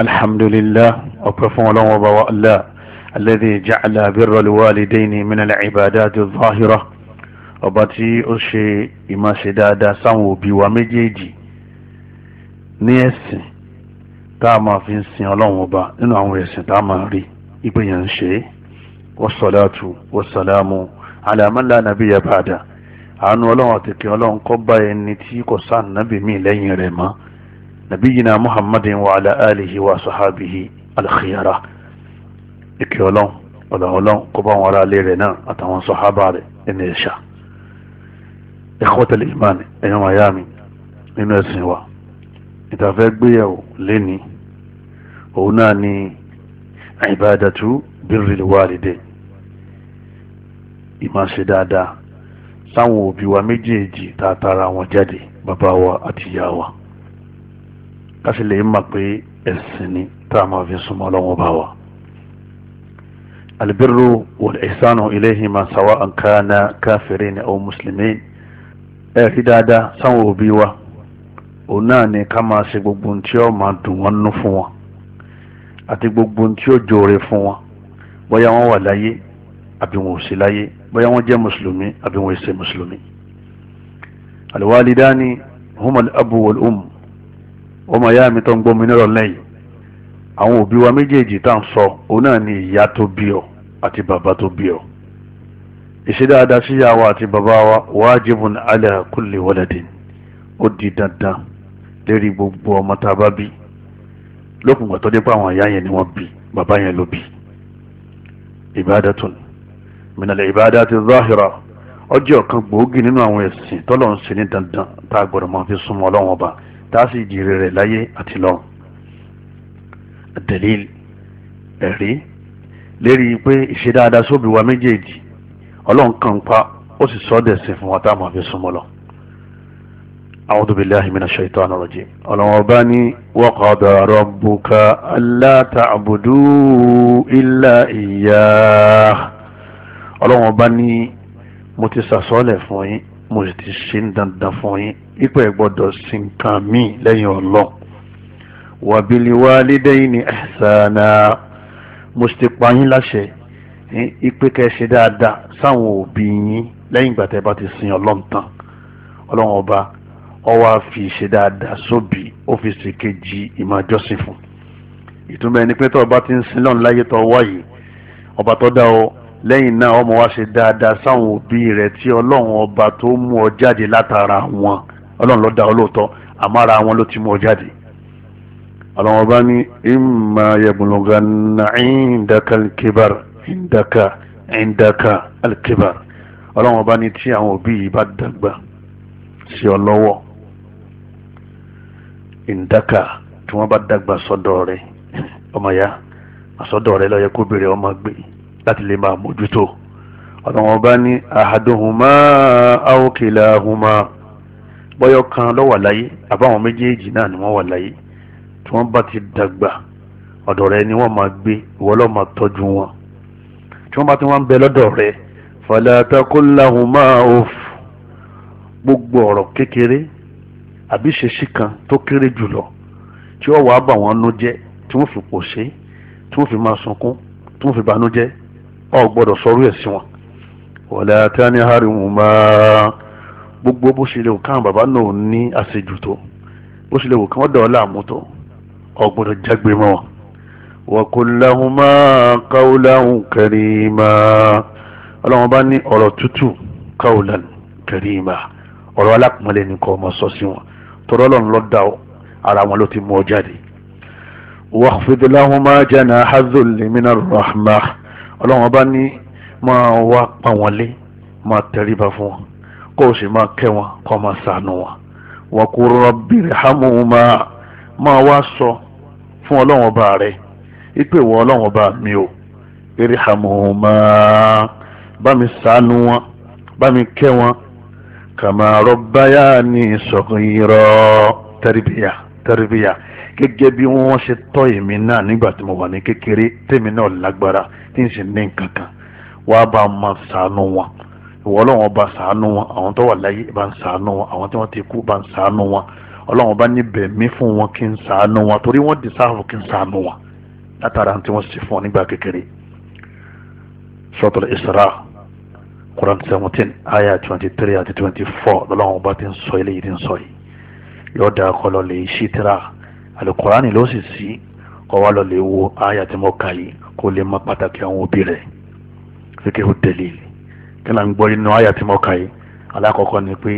alhamdulillah ọpẹ́ fún Ọlọ́run ọba wa allah alladhi ja'ala birral walidayni min al-ibadati adh-dhahira ọba tí ó ṣe ìmáṣe dáadáa sáwọn òbí wa méjèèjì ní ẹ̀sìn tá a máa fi ń sin Ọlọ́run ọba nínú àwọn ẹ̀sìn tá a máa rí ipe yẹn ń ṣe wasalaatu wasalaamu ala man la àánú Ọlọ́run àtẹ̀kẹ́ Ọlọ́run kó bá ẹni tí kò sáà nàbì lẹ́yìn rẹ̀ mọ́ nabiyina muhammadin wa ala alihi wa sahabihi alkhiyara ìkẹ́ ọlọ́n ọ̀làwọ̀lọ́n kó bá wọn aráalé rẹ̀ náà àtàwọn sọ̀hábà rẹ̀ ẹni ẹ̀ṣà ẹ̀kọ́tẹ̀lẹ̀ ìmáàni ẹ̀yọ́ miami nínú ẹ̀sìn wa ìtafẹ́ gbéyàwó lẹ́ni òun náà ni àìbádàtú birril walidain ìmáṣe dáadáa sáwọn òbí wa méjèèjì tààtàrà wọn jáde bàbá wa àti ìyá wa káfí lè mọ̀ pé ẹ̀sìn ni tá a máa fi súnmọ́ ọlọ́run bá wa. albirru wal ihsanu ilayhima sawa'an kana kafirin aw muslimin ẹ rí dáadáa sáwọn òbí wa òun náà ni ká máa ṣe gbogbo ohun tí ó máa dùn wọ́n nú fún wọn gbogbo ohun tí ó jòrè fún wọn bóyá wọ́n wà láyé àbí wọn ò sí láyé bóyá wọ́n jẹ́ mùsùlùmí àbí wọn ò ṣe huma al-abu wal-um ọmọ ìyá mi tó ń gbọ́ mi nírọ̀ lẹ́yìn àwọn òbí wa méjèèjì tá à ń sọ òun náà ni ìyá tó bí ọ àti bàbá tó bí ọ ìṣe dáadáa sí ìyá wa àti bàbá wa wajibun ala kulli waladin ó di dandan lérí gbogbo ọmọ tá a bá bí lókun gbàtọ́ dé pa àwọn ìyá yẹn ni wọ́n bí bàbá yẹn ló bí ibadatun minale ibadati zahira ọjọ́ kan gbòógì nínú àwọn ẹ̀sìn tọ́lọ́ ń ṣe ní dandan tá a gbọ́dọ̀ máa fi súnmọ́ ọlọ́wọ́n ọba tààsì ìjìrì rẹ̀ láyé àti lọ. àtẹ̀lé ẹ̀rí lérí pé ìṣe dáadáa sóbì wa méjèèjì ọlọ́run kan pa ó sì sọ dẹ̀sìn fún wa tá a máa fi súnmọ́ lọ. a'udhu billahi minash shaitanir rajim. ọlọ́run ọba ní wa qada rabbuka alla ta'budu illa iyyah. ọlọ́run ọba ní mo ti sàsọ́ọ̀lẹ̀ fún yín mo sì ti ṣe dandan fún yín ipò ẹ̀ gbọ́dọ̀ sí nǹkan míì lẹ́yìn ọlọ́run wàbílì wálídẹ́yìn ihsana mo sì ti pa yín láṣẹ ipe kẹsẹ dáadáa sáwọn òbí yín lẹ́yìn ìgbà tẹ́ bá ti sin ọlọ́run tán ọlọ́run ọba ó wá fi ṣe dáadáa sóbì ó fi ṣe kejì ìmọ̀jọ́sìn fún ìtumọ̀ ẹni pé tó ọba ti ń sin lọ́run láyé tó wá yìí ọba tó dá ọ lẹ́yìn náà ọmọ wa ṣe dáadáa sáwọn òbí rẹ̀ tí ọlọ́run ọba tó mú ọ jáde látara wọn ọlọ́run ló dá ọ lóòótọ́ àmọ́ ara wọn ló ti mú ọ jáde ọlọ́run bá ní imma yablughanna indaka alkibar indaka indaka alkibar ọlọ́run bá ní tí àwọn òbí yìí bá dàgbà sí ọ lọ́wọ́ indaka tí wọ́n bá dàgbà sọ́dọ̀ rẹ̀ ọmọ ya àsọ́dọ̀ rẹ̀ ló kó bèrè ọmọ gbé láti lè máa mójútó ọlọ́run bá ní ahaduhuma aw kilahuma bọ́yọ̀ kan ló wà láyé àbáwọn méjèèjì náà ni wọ́n wà láyé tí wọ́n bá ti dàgbà ọ̀dọ̀ rẹ ni wọ́n máa gbé ìwọ ló máa tọ́jú wọn tí wọ́n bá ti wọ́n ń bẹ lọ́dọ̀ rẹ fala taqul lahuma uff gbogbo ọ̀rọ̀ kékeré àbí ṣèṣì kan tó kéré jùlọ tí wọ́n wàá bà wọ́n nú jẹ́ tí wọ́n fi pò ṣe tí wọ́n fi máa sunkún tí wọ́n fi banú jẹ́ ọ̀ gbọ́dọ̀ sọrú ẹ̀ sí wọn. wala tanharhuma gbogbo bó ṣe lè wò káwọn bàbá náà ní àṣejù tó bó ṣe lè wò káwọn dọ̀ọ́ láàmú tó ọgbọ́dọ̀ jágbe mọ́ wọn. wa qul lahuma qawlan ọlọ́wọ́n bá ní ọ̀rọ̀ tútù qawlan karima ọ̀rọ̀ alákùnmọ́lẹ̀ ní kọ́ ọmọ sọ sí wọn tọ́rọ́ lọ́n lọ́ da ara wọn ló ti mú ọ jáde. wakhfid lahuma janaha dhulli minar rahmah ọlọ́wọ́n bá ní máa wá pa lé máa tẹríba fún wọn kó o sì máa kẹ́ wọn kó o máa sànù wọn. wa qur rabbi irhamhuma máa wá sọ fún ọlọ́run ọba rẹ ipe ìwọ ọlọ́run ọba mi o irhamhuma bá mi sànù wọn bá mi kẹ́ wọn kama rabbayani saghira tẹ́rìbìyà tẹ́rìbìyà gẹ́gẹ́ bí wọ́n ṣe tọ́ èmi náà nígbà tí mo wà ní kékeré tèmi náà lágbára tí n sì ní nǹkan kan wàá bá a máa sànù wọn ìwọ ọlọ́run ọba ṣàánú wọn àwọn tó wà láyé bá ń ṣàánú wọn àwọn tí wọ́n ti kú bá ń ṣàánú wọn ọlọ́run ọba níbẹ̀ mí fún wọn kí n ṣàánú wọn torí wọ́n di sáàfù kí n ṣàánú wọn látara tí wọ́n sì fún ọ nígbà kékeré suratul Isra Quran seventeen ayah twenty three àti twenty four lọ́lọ́run ọba ti ń sọ eléyìí ti ń sọ yìí yóò da ọkọlọ lè ṣí tira alukurani ló sì sí ọwọ́ lọ lè wo ayah tí mo kà yìí kó lè má pàtàkì àwọn òbí rẹ̀ fíkẹ́ ó tẹ̀lé yìí kí la ń gbọ́ inú àyà tí mo kà yìí alákọ̀ọ́kọ́ ni pé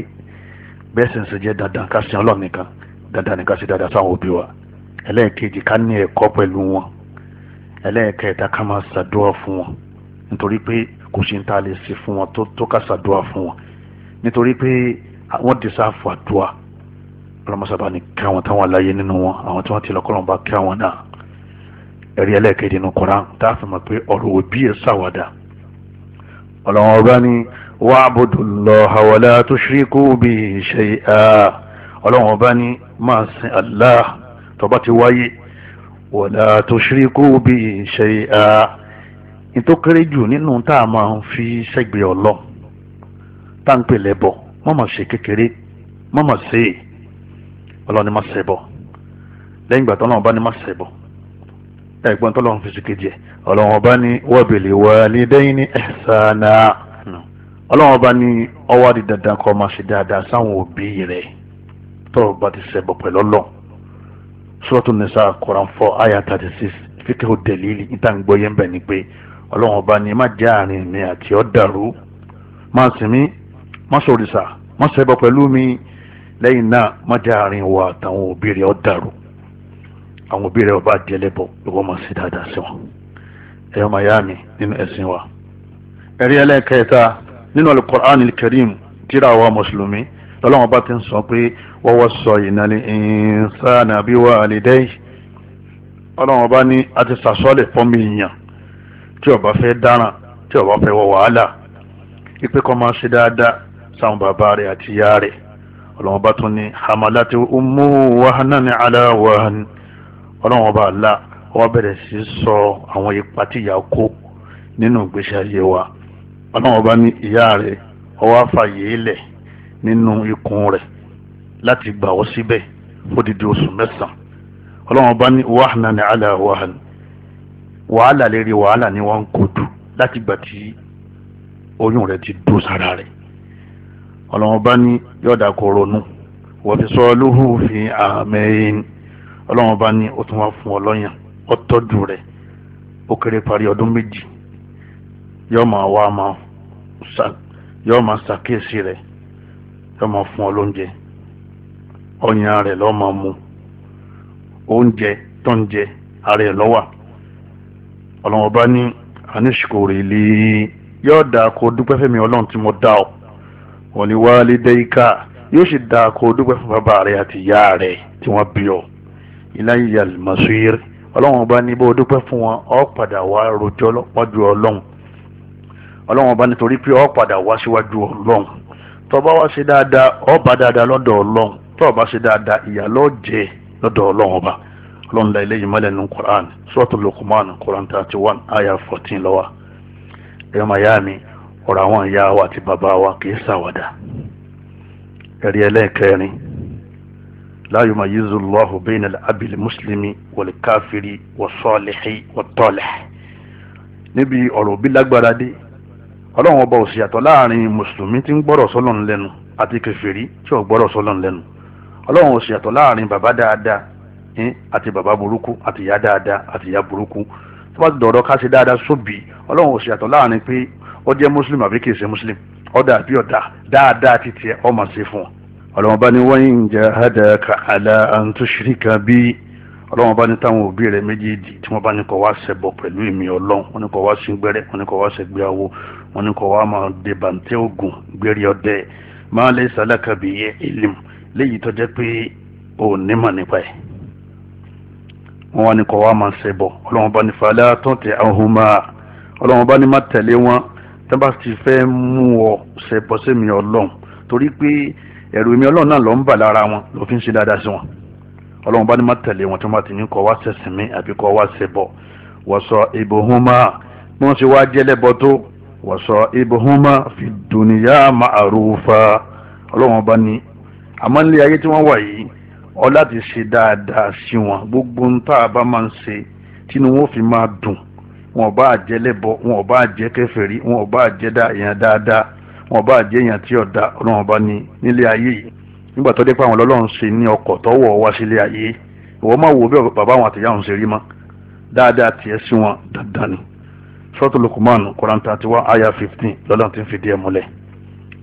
bẹ́ẹ̀ sì ń ṣe jẹ́ dandan ká sin ọlọ́run nìkan dandan nìkan sí dandan sáwọn òbí wa ẹlẹ́ẹ̀kejì ká ní ẹ̀kọ́ pẹ̀lú wọn ẹlẹ́ẹ̀kẹta ká máa ṣàdúrà fún wọn nítorí pé kò sí ní ta lè ṣe fún wọn tó ká ṣàdúrà fún wọn nítorí pé wọ́n ti sáfù àdúrà ọlọ́mọsábà ní kí àwọn táwọn aláyé nínú wọn àwọn tí wọ́n ti lọ́kọ́lọ́n bá kí àwọn náà ẹ̀rí ẹlẹ́ẹ̀kejì nínú Kùránì tá fi mọ̀ pé ọ̀rọ̀ òbí ẹ̀ ṣàwàdà ọlọ́run ọba ní wa'budullaha wala tushriku bihi shay'a ọlọ́run ọba ní máa sin Allah tó bá ti wáyé wala tushriku bihi shay'a ìtókéré jù nínú tá a máa ń fi ṣẹ́gbẹ̀ẹ́ ọlọ́ tá à ń pè lẹ́bọ̀ má mà ṣe kékeré má mà ṣe ọlọ́run má ṣẹbọ lẹ́yìn ìgbà tó náà bá ní má ṣẹbọ ẹ̀gbọ́n tó lọ́wọ́ fèsì kejì ẹ̀ ọlọ́wọ́n bá ní wọ́bìlì wàlídẹ́yìnì ẹ̀sánà ọlọ́wọ́n bá ní ọwọ́ àdì dandan kọ́ máa ṣe dáadáa sáwọn òbí rẹ̀ tó o bá ti ṣẹbọ pẹ̀lú ọlọ́ sọ́tù nìsa koran fọ́ àyà thirty six o dẹ̀lílì níta ń gbọ́ yẹn bẹ̀ ni pé ọlọ́wọ́n bá ní má jẹ́ àárín mi àti ọ́ dàrú máa sìn mí má sòrìṣà má ṣẹbọ pẹ̀lú mi lẹ́yìn náà má jẹ́ àárín wa àtàwọn òbí rẹ̀ ọ́ dàrú àwọn òbí rẹ̀ ọba àdìẹlẹ́bọ̀ ìwọ máa ṣe dáadáa sí wọn ẹ̀yọ́ máa yá mi nínú ẹ̀sìn wa. ẹ̀rí ẹlẹ́kẹta nínú alukur'an karim tíra wa mùsùlùmí lọ́lọ́wọ́n bá ti ń sọ pé wọ́n wọ́n sọ ìnáni ìsáànà bí wà á lè dẹ́yì ọlọ́wọ́n bá ní a ti sàsọ́lẹ̀ fún mi yàn tí ó bá fẹ́ dáràn tí ó bá fẹ́ wọ wàhálà ipe kọ́ máa ṣe dáadáa sáwọn bàbá rẹ̀ àti ìyá rẹ̀ ọlọ́wọ́n bá tún ní hamalati umu wahanan ala wahan ọlọ́run ọba àlá wọ́n bẹ̀rẹ̀ sí sọ àwọn ipa tí ìyá kó nínú ìgbésí ayé wa ọlọ́run ọba ní ìyá rẹ̀ ọwọ́ àfàyè lẹ̀ nínú ikùn rẹ̀ láti gbà ọ́ síbẹ̀ fódìdí oṣù mẹ́sàn-án ọlọ́run ọba ní wàhánà ní àlà wàhánà wàhálà lérí wàhálà ni wọ́n ń kojú láti gbà tí oyún rẹ̀ ti dó sára rẹ̀ ọlọ́run ọba ní yọ̀dà kò ronú wọ́n fi sọ lóhùn fi àmẹ́yìn ọlọ́run bá ní ó tún wá fún ọ lọ́yàn ó tọ́jú rẹ̀ ó kéré parí ọdún méjì yóò máa wá máa yóò máa ṣàkíyèsí rẹ̀ yóò máa fún ọ lóúnjẹ ọyàn rẹ̀ lọ́ máa mu oúnjẹ tó ara ẹ̀ lọ́wà ọlọ́run bá ní àníṣkòrè lè yóò dáa kó dúpẹ́ fẹ́mi ọlọ́run tí mo dá ọ wọ́n wálé dẹ́yíká yóò sì dáa kó dúpẹ́ fún bàbá rẹ̀ àti ìyá rẹ̀ tí wọ́n bí ọ ilayya al-masir ọlọ́run ọba ní bó dúpẹ́ fún wọn ọ padà wá rojọ́ wájú ọlọ́run ọlọ́run ọba nítorí pé ọ padà wá síwájú ọlọ́run tó bá wá ṣe dáadáa ọ bá dáadáa lọ́dọ̀ ọlọ́run tó bá ṣe dáadáa ìyà ló jẹ lọ́dọ̀ ọlọ́run ọba ọlọ́run la eléyìí mọ́lẹ̀ nínú Qur'an suratul Luqman Qur'an thirty one aya fourteen lọ́wọ́ ẹ̀rọ màyá mi ọ̀rọ̀ àwọn ìyá wa àti bàbá wa kì í ṣàwàdà ẹ̀rí ẹlẹ́ẹ̀kẹrin la yumayyizu Allahu bayna al-abi al-muslimi wal-kafiri was-salihi wat-talih níbi ọ̀rọ̀ òbí lágbára dé ọlọ́run ọba ò sì yàtọ̀ láàrin mùsùlùmí tí ń gbọ́rọ̀ sọ́lọ́n lẹ́nu àti kèfèrí tí ò gbọ́rọ̀ sọ́lọ́n lẹ́nu ọlọ́run ò sì yàtọ̀ láàrin bàbá dáadáa àti bàbá burúkú àti ìyá dáadáa àti ìyá burúkú tó bá ti dọ̀rọ̀ ká ṣe dáadáa sóbì ọlọ́run ò sì yàtọ̀ láàrin pé ó jẹ́ mùsùlùmí àbí kìí ṣe mùsùlùmí ọ̀dà àbí ọ̀dà dáadáa ti tiẹ̀ ọmọ ṣe fún wọn ọlọ́wọ́n bá ní wa in jahadaka ala an bi ọlọ́wọ́n bá ní táwọn òbí rẹ̀ méjèèjì tí wọ́n bá ní kọ́ wá ṣẹbọ pẹ̀lú èmi ọlọ́run wọ́n ní kọ́ wá sí gbẹ́rẹ́ wọ́n ní kọ́ wá ṣẹgbẹ́ awo wọ́n ní kọ́ wá máa de bàǹtẹ́ ògùn gbẹ́rẹ́ ọdẹ ma laysa laka bi ilm léyìí tó jẹ́ pé ò ní mà nípa ẹ̀ wọ́n wá ní kọ́ wá máa ṣẹbọ ọlọ́wọ́n bá ní fala tuti'huma ọlọ́wọ́n bá ní má tẹ̀lé wọn tẹ́ bá ti fẹ́ mú ọ ṣẹbọ sẹ́mi ọlọ́run torí pé ẹ̀rù èmi ọlọ́run náà lọ ń bà lára wọn ló fi ń ṣe dáadáa sí wọn ọlọ́run bá ní má tẹ̀lé wọn tó má ti ní kọ́ wá sẹ̀sìn mi àbí kọ́ wá ṣẹbọ wọ́sọ ibuhuma bí wọ́n ṣe wá jẹ́lẹ́bọ tó wọ́sọ ibuhuma fi dùnìyà ma'rufa ọlọ́run bá ní àmọ́ nílé ayé tí wọ́n wà yìí ọ láti ṣe dáadáa sí wọn gbogbo ń tá a bá máa ń ṣe tínú wọn fi máa dùn wọn bá jẹ́ lẹ́bọ wọn ò bá jẹ́ kèfèrí wọn ò bá jẹ́ dáadáa wọn bá jẹ́ èèyàn tí ọ̀dà ọlọ́run bá ní nílé ayé yìí nígbà tó dé pé àwọn ọlọ́run ṣe ní ọkọ̀ tọ́wọ̀ wá sílé ayé ìwọ máa wò bí bàbá àwọn àtìyá òun ṣe rí mọ́ dáadáa tiẹ̀ sí wọn dandan ni sọ́tò lukumanu koran thirty one aya fifteen lọ́dọ̀ tí ń fi díẹ̀ múlẹ̀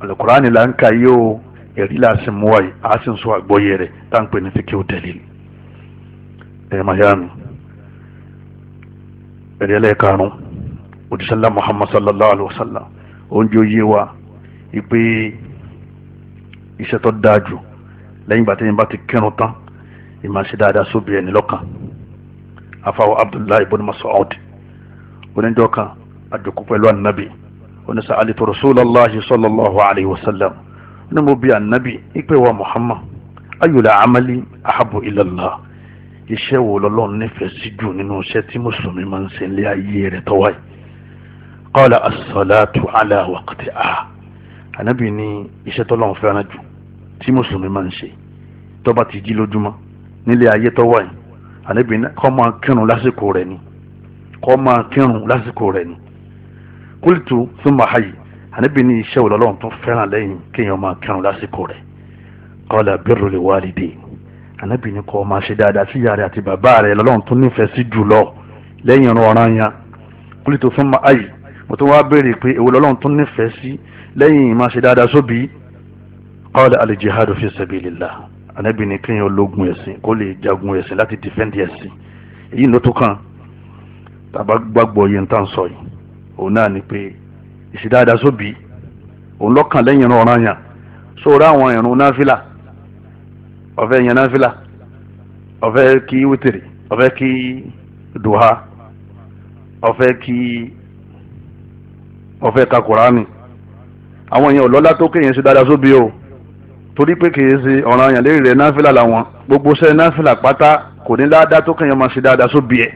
alukurani là ń ka yìí o èrí là sì mú wáyé a sì ń sọ àgbọ́yé rẹ̀ tá à ń pè ní fi kí o tẹ̀lé ẹ̀ mayami ẹ̀rí ẹlẹ́ẹ̀karùn-ún òjíṣẹ́lá muhammad sallallahu alayhi wa sallam oúnjẹ oyé wa wípé iṣẹ́ tó dáa jù lẹ́yìn ìgbà tẹ́yìn bá ti kírun tán ìmọ̀ ṣe dáadáa sóbi ẹni lọ́kàn afáwọ abdullahi ibn masoud oníjọ́ kan àjòkú pẹ̀lú anabi oníṣà alito rasulallah sallallahu alayhi wa sallam ní mo bi anabi ipe wa muhammad ayọ̀lẹ̀ amali ahabu ilallah iṣẹ́ wo lọ́lọ́run nífẹ̀ẹ́ sí jù nínú iṣẹ́ tí mùsùlùmí máa ń ṣe ayé rẹ̀ tọ́wáyé qala as-salatu ala ànábì ní iṣẹ́ tọ́lọ́run fẹ́ràn jù tí mùsùlùmí máa ń ṣe tó bá ti jí lójúmọ́ nílé ayé tó wà yìí ànábì ní kó máa kírun lásìkò rẹ̀ ni kó máa kírun lásìkò rẹ̀ ni kúlìtù súnmọ́ àyè ànábì ní iṣẹ́ òlọ́lọ́run tó fẹ́ràn lẹ́yìn kéèyàn máa kírun lásìkò rẹ̀ qala birru li walidayn ànábì ní kó máa ṣe dáadáa sí ìyá àti bàbá rẹ̀ lọ́lọ́run tó nífẹ̀ẹ́ sí jùlọ lẹ́yìn ọ̀ranyàn kúlìtù súnmọ́ àyè mo tún wá béèrè pé èwo lọ́lọ́run tún nífẹ̀ẹ́ sí lẹ́yìn máa ṣe dáadáa sóbì qala al-jihadu fi sabilillah ànábì ní kéèyàn ológun ẹ̀sìn kó lè jagun ẹ̀sìn láti dìfẹ́ǹdì ẹ̀sìn èyí ló tó kàn tàbá gbàgbọ́ yẹn tá à ń sọ yìí òun náà ni pé ìṣe dáadáa sóbì òun lọ́kàn lẹ́yìn ìran ọ̀ràn yàn sóòrò àwọn ìrun náfìlà ọ̀fẹ́ yẹn náfìlà ọ̀fẹ́ kí wítìrì ọ̀fẹ́ kí dùhà ọ̀fẹ́ kí ọ̀fẹ́ ka kùránì àwọn èèyàn ọ̀lọ́lá tó kéèyàn ṣe dáadáa sóbi o torí pé kìí ṣe ọ̀ràn àyàn lérí rẹ̀ náfìlà làwọn gbogbo sẹ́yìn náfìlà pátá kò ní dáadáa tó kéèyàn máa ṣe dáadáa sóbi ẹ̀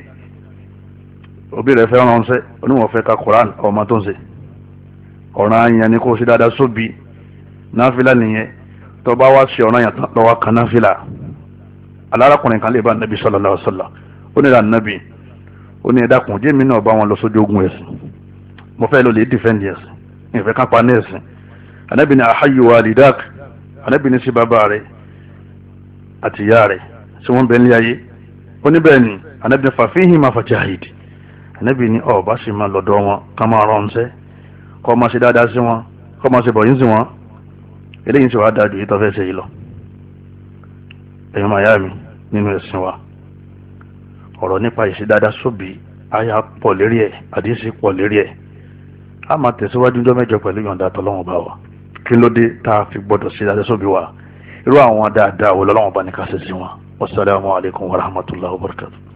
òbí rẹ̀ fẹ́ ràn ṣẹ́ oníwọ̀n fẹ́ ka kùránì ọmọ tó ń ṣe ọ̀ràn àyàn ni kò ṣe dáadáa sóbi náfìlà nìyẹn tó bá wá ṣe ọ̀ràn àyàn tán lọ́wọ́ kan náfìlà alárakùnrin kan lè bá nàbí sallallahu alaihi wasallam ó ní ìlànà nàbí ó ní ẹ̀dá kùn jẹ́mi mo fẹ́ lọ lè defend ẹ̀sìn ìfẹ́ kan pa ní ẹ̀sìn anábì ní ahayu walidak anábì ní sí bàbá rẹ̀ àti ìyá rẹ̀ tí wọ́n bẹ̀ ń lé ayé ó ní bẹ́ẹ̀ ni anábì ní fàfihìn máa fàjà àyèdì anábì ní ọ̀ọ́ bá sì máa lọ́dọ̀ wọn ká máa ránṣẹ́ kọ́ máa ṣe dáadáa sí wọn kọ́ máa ṣe bọ̀yìn sí wọn eléyìí sì wá dáa ju yìí ṣe yìí lọ ẹ̀yin máa yá mi nínú ẹ̀sìn wa ọ̀rọ̀ nípa ìṣe dáadáa sóbì àyà pọ̀ lérí ẹ̀ àdìsí pọ̀ lérí ẹ̀ a máa tẹ̀síwájú ọjọ́ mẹ́jọ pẹ̀lú yọ̀ǹda tọ́lọ́wọ́n bá wa kí ló dé tá a fi gbọ́dọ̀ ṣe dáadáa sóbi wa irú àwọn dáadáa wo lọ́lọ́wọ́n bá ní ká ṣe sí wọn wasalaamualeykum wa rahmatulahi wa barakatu.